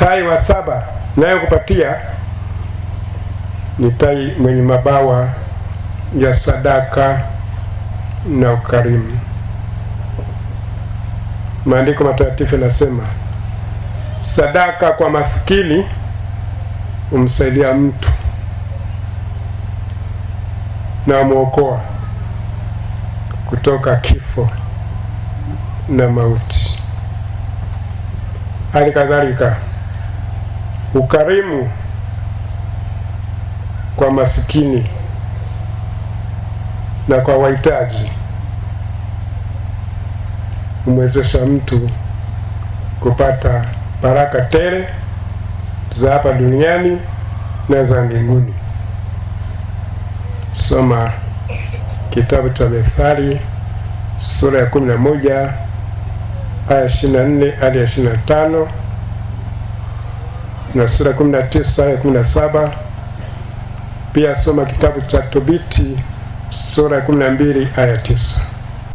Tai wa saba nayokupatia ni tai mwenye mabawa ya sadaka na ukarimu. Maandiko matakatifu yanasema sadaka kwa masikini humsaidia mtu na mwokoa kutoka kifo na mauti. Hali kadhalika Ukarimu kwa masikini na kwa wahitaji umwezesha mtu kupata baraka tele za hapa duniani na za mbinguni. Soma kitabu cha Methali sura ya 11 aya 24 hadi 25 na sura 19 aya 17. Pia soma kitabu cha Tobiti sura ya 12 aya 9.